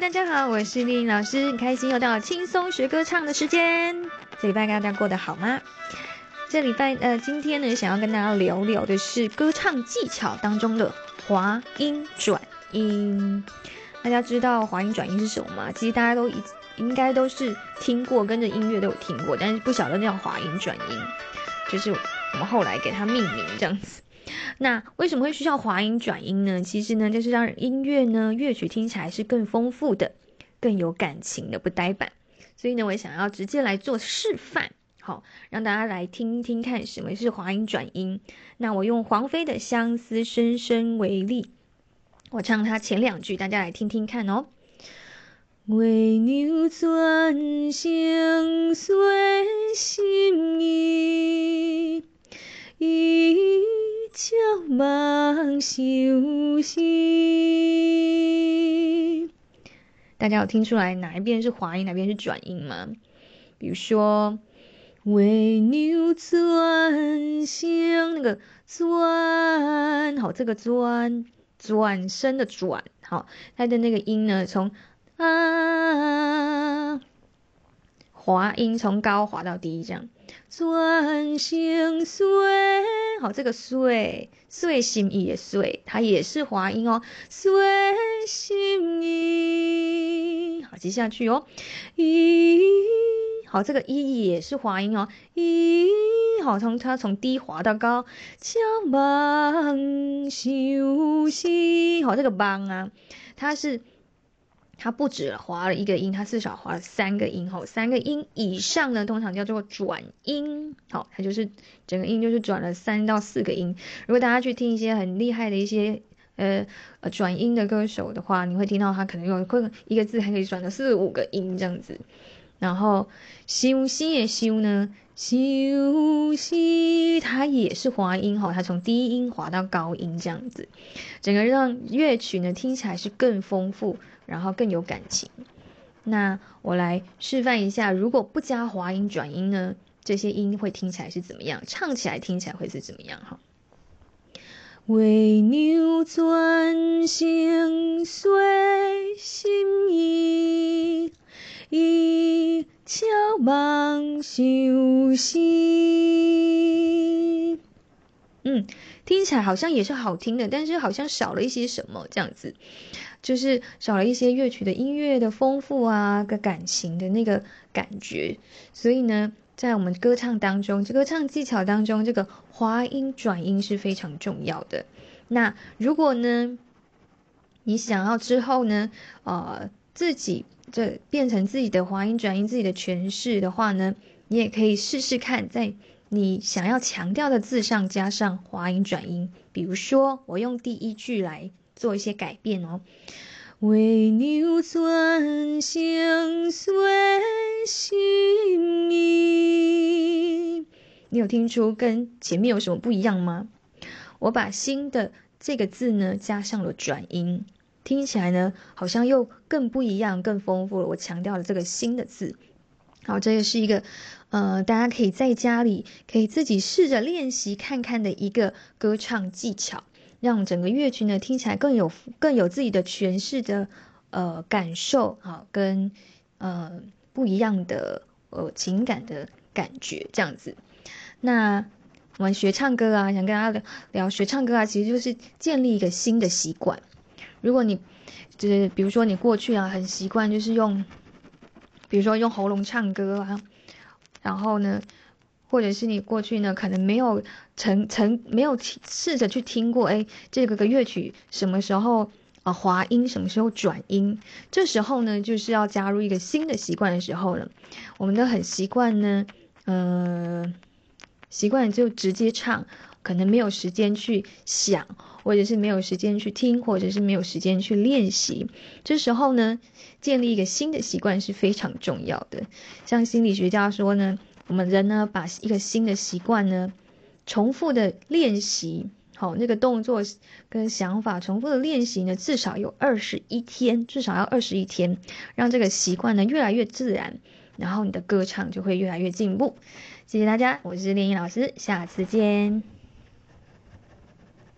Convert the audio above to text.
大家好，我是麗穎老師，很開心又到了輕鬆學歌唱的時間。這禮拜跟大家過得好嗎？這禮拜呃，今天呢，想要跟大家聊聊的是歌唱技巧當中的滑音轉音。大家知道滑音轉音是什麼嗎？其實大家都一應該都是聽過，跟着音樂都有聽過，但是不曉得那叫滑音轉音，就是我們後來給它命名這樣子。那為什麼會需要滑音轉音呢？其實呢，就是讓音樂呢樂曲聽起來是更豐富的，更有感情的，不呆板。所以呢，我也想要直接來做示範，好，讓大家來聽聽看什麼是滑音轉音。那我用黃妃的《相思深深》為例，我唱它前兩句，大家來聽聽看哦。為你鑽心隨心意一。忙休息，大家有聽出來哪一邊是滑音，哪邊是轉音嗎？比如說“為牛轉向”，那個“轉”好，這個轉“轉”轉身的“轉”好，它的那個音呢，從啊。滑音從高滑到低，這樣。轉心碎，好，這個碎碎心意的碎，它也是滑音哦。碎心意，好，接下去哦。一，好，這個一也是滑音哦。一，好，從它從低滑到高。將休息。好，這個將啊，它是。它不止滑了一個音，它至少滑了三個音，吼，三個音以上呢，通常叫做轉音，好、哦，它就是整個音就是轉了三到四個音。如果大家去聽一些很厲害的一些呃呃轉音的歌手的話，你會聽到他可能用會一個字還可以轉了四五個音這樣子。然後休息也休呢，休息它也是滑音哈，它從低音滑到高音這樣子，整個讓樂曲呢聽起來是更豐富，然後更有感情。那我來示範一下，如果不加滑音轉音呢，這些音會聽起來是怎麼樣，唱起來聽起來會是怎麼樣哈。為牛鑽星碎心。小夢休息。嗯，聽起來好像也是好聽的，但是好像少了一些什麼這樣子，就是少了一些樂曲的音樂的豐富啊，個感情的那個感覺。所以呢，在我們歌唱當中，這歌唱技巧當中，這個滑音轉音是非常重要的。那如果呢，你想要之後呢，呃。自己這變成自己的滑音轉音，自己的詮釋的話呢，你也可以試試看，在你想要強調的字上加上滑音轉音。比如說，我用第一句來做一些改變哦。為牛酸香碎性命，你有聽出跟前面有什麼不一樣嗎？我把“新”的這個字呢，加上了轉音。聽起來呢，好像又更不一樣，更豐富了。我強調了這個新的字，好，這也是一個，呃，大家可以在家裡可以自己試着練習看看的一個歌唱技巧，讓整個樂曲呢聽起來更有更有自己的詮釋的呃感受，好，跟呃不一樣的呃情感的感覺這樣子。那我們學唱歌啊，想跟大家聊聊學唱歌啊，其實就是建立一個新的習慣。如果你就是比如說你過去啊很習慣就是用，比如說用喉嚨唱歌啊，然後呢，或者是你過去呢可能沒有曾曾沒有試着去聽過，哎，這個個樂曲什麼時候啊，呃，滑音什麼時候轉音，這時候呢就是要加入一個新的習慣的時候了。我們都很習慣呢，嗯，呃，習慣就直接唱。可能沒有時間去想，或者是沒有時間去聽，或者是沒有時間去練習。這時候呢，建立一個新的習慣是非常重要的。像心理學家說呢，我們人呢，把一個新的習慣呢，重複的練習，好那個動作跟想法，重複的練習呢，至少有二十一天，至少要二十一天，讓這個習慣呢越來越自然，然後你的歌唱就會越來越進步。謝謝大家，我是練音老師，下次見。